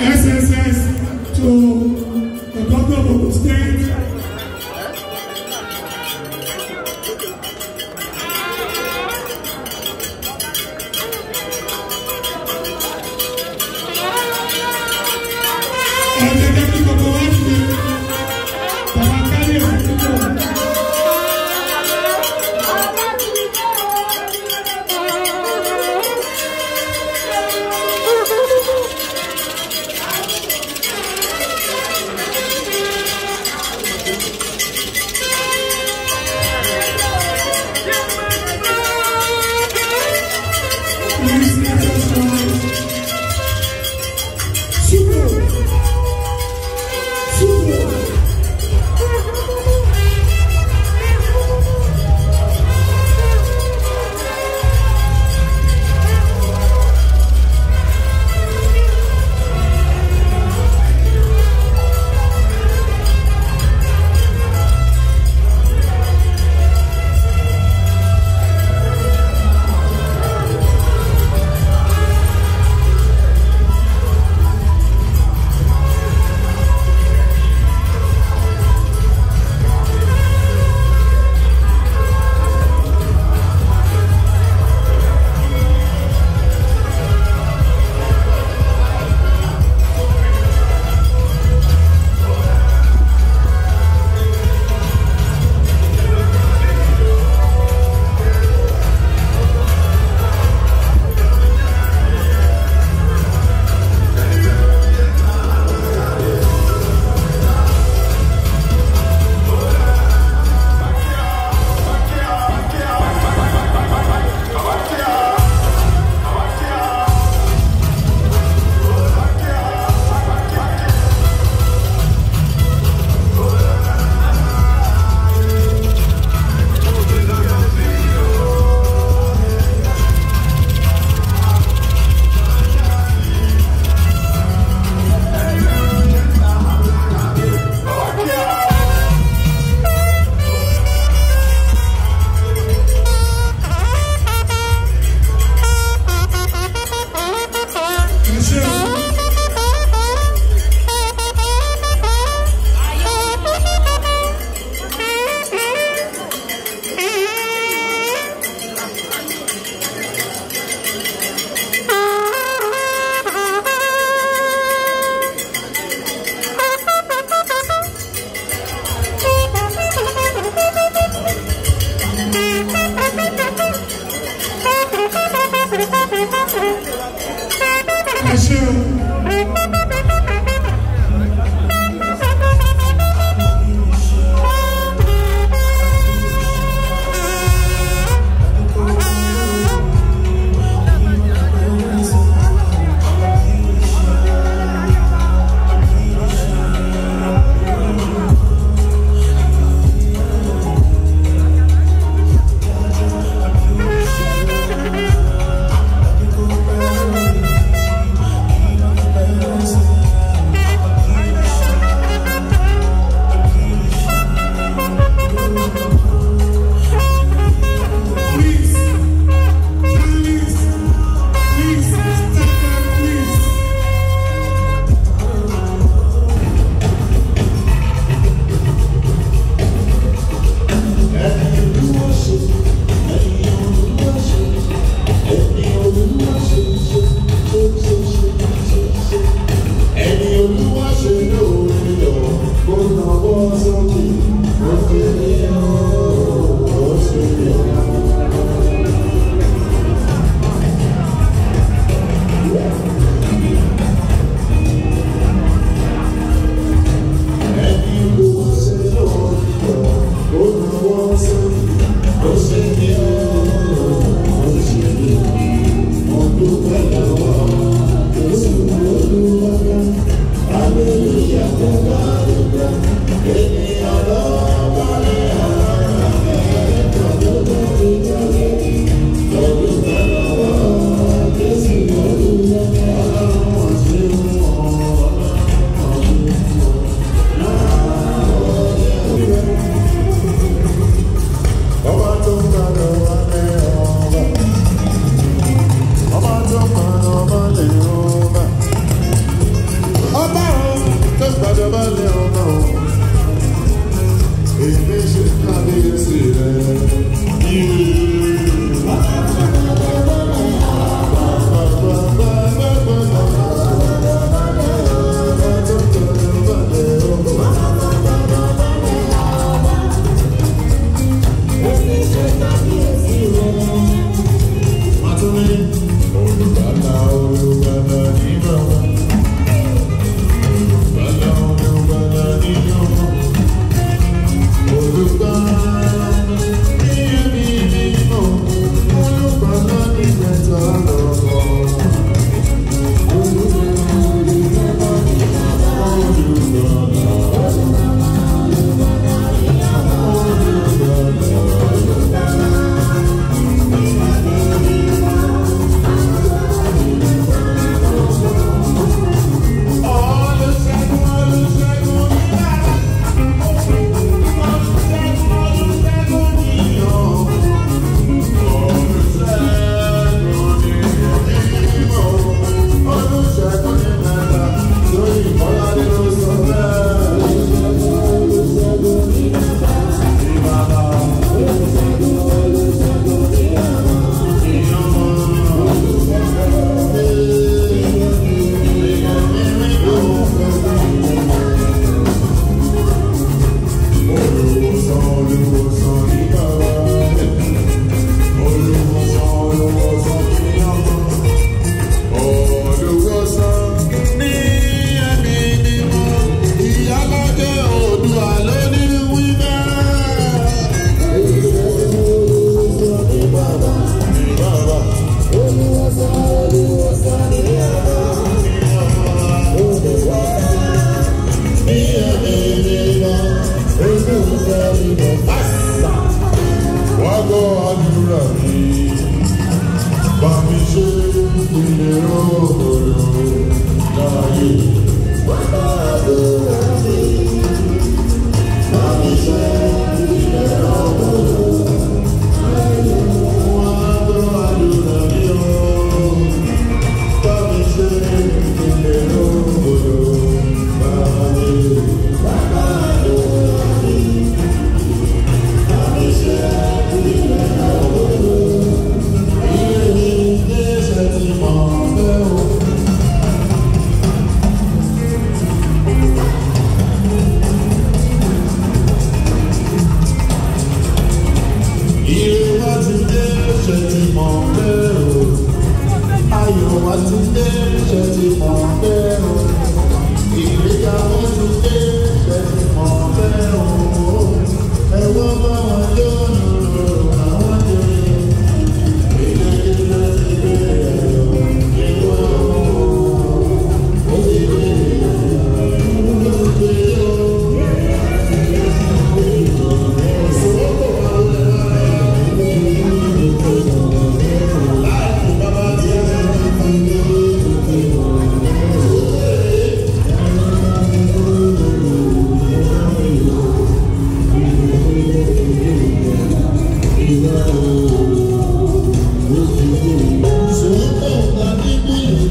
Yes, yes, yes.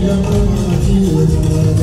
I'm love you,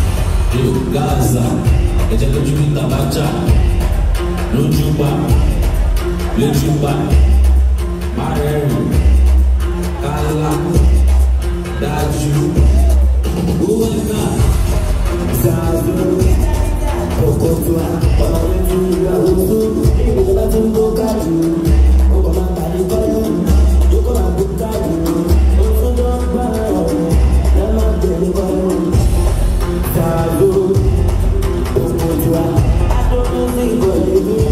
Deu Gaza, ẹ̀jẹ̀ lójú mi tàbá jà, lójú kálá, dájú, gbówẹ́nà, ṣáàzó, òkòtò, ọ̀nà lójú ìyàwó tó, ìgbésẹ̀ bá kájú, ó kọ̀ Thank you.